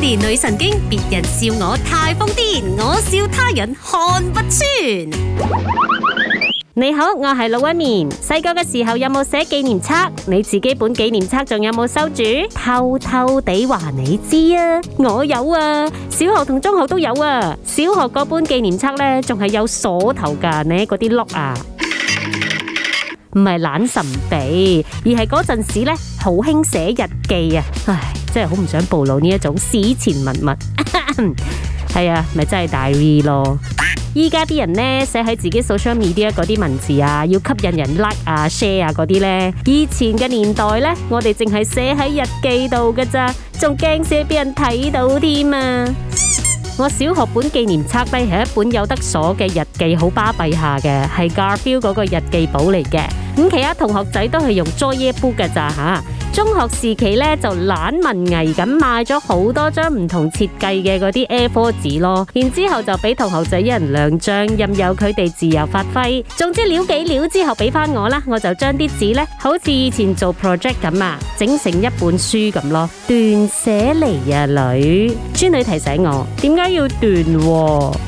女神經，別人笑我太瘋癲，我笑他人看不穿。你好，我係龍紋敏。細個嘅時候有冇寫紀念冊？你自己本紀念冊仲有冇收住？偷偷地話你知啊，我有啊，小學同中學都有啊。小學嗰本紀念冊呢，仲係有鎖頭噶，你嗰啲碌啊，唔係懶神秘，而係嗰陣時呢，好興寫日記啊，唉。真係好唔想暴露呢一種史前文物，係 啊，咪、就是、真係大 V 咯！依家啲人呢，寫喺自己手上面 e 嗰啲文字啊，要吸引人 like 啊、share 啊嗰啲呢。以前嘅年代呢，我哋淨係寫喺日記度嘅咋，仲驚寫俾人睇到添啊！我小學本紀念冊呢，係一本有得鎖嘅日記，好巴閉下嘅，係 Garfield 嗰個日記簿嚟嘅。咁其他同學仔都係用 Joybook、er、e 嘅咋吓。啊中學時期咧就懶文藝咁買咗好多張唔同設計嘅嗰啲 A4 紙咯，然之後就俾同學仔一人兩張，任由佢哋自由發揮。總之潦幾潦之後俾翻我啦，我就將啲紙咧好似以前做 project 咁啊，整成一本書咁咯。斷捨離啊女，娟女提醒我點解要斷？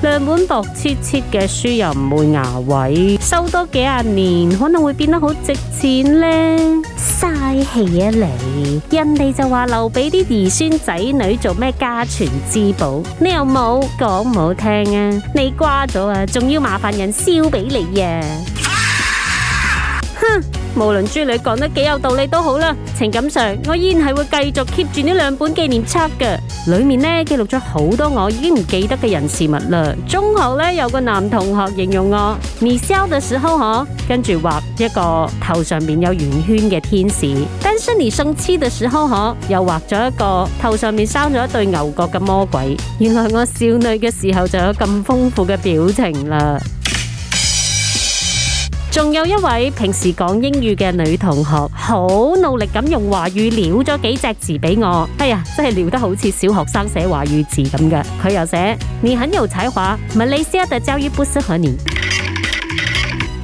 兩本薄切切嘅書又唔會牙位收多幾廿年，可能會變得好值錢呢。啲戲啊！你人哋就話留俾啲兒孫仔女做咩家傳之寶？你又冇講唔好聽啊！你瓜咗啊！仲要麻煩人燒俾你啊！啊哼！無論豬女講得幾有道理都好啦，情感上我依然係會繼續 keep 住呢兩本紀念冊嘅，裏面呢，記錄咗好多我已經唔記得嘅人事物啦。中學呢，有個男同學形容我微笑嘅時候嗬，跟住畫一個頭上面有圓圈嘅天使；跟住你生氣嘅時候嗬，又畫咗一個頭上面生咗一對牛角嘅魔鬼。原來我少女嘅時候就有咁豐富嘅表情啦。仲有一位平時講英語嘅女同學，好努力咁用華語聊咗幾隻字俾我。哎呀，真係聊得好似小學生寫華語字咁嘅。佢又寫：你很有才華，馬來西亞的教育不適合你。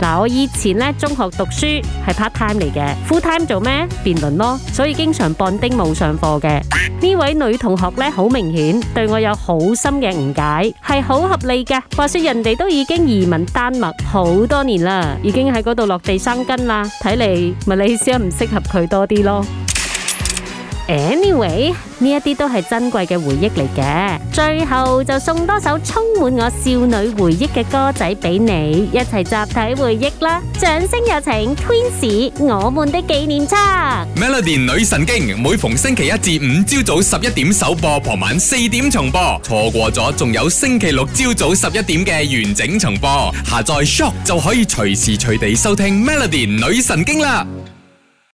嗱，我以前呢，中學讀書係 part time 嚟嘅，full time 做咩？辯論咯，所以經常半丁冇上課嘅。呢位女同學呢，好明顯對我有好深嘅誤解，係好合理嘅。話說人哋都已經移民丹麥好多年啦，已經喺嗰度落地生根啦，睇嚟馬來西亞唔適合佢多啲咯。Anyway，呢一啲都係珍貴嘅回憶嚟嘅，最後就送多首充滿我少女回憶嘅歌仔俾你，一齊集體回憶啦！掌聲有請 Twins，我們的紀念冊。Melody 女神經每逢星期一至五朝早十一點首播，傍晚四點重播，錯過咗仲有星期六朝早十一點嘅完整重播。下載 Shop 就可以隨時隨地收聽 Melody 女神經啦。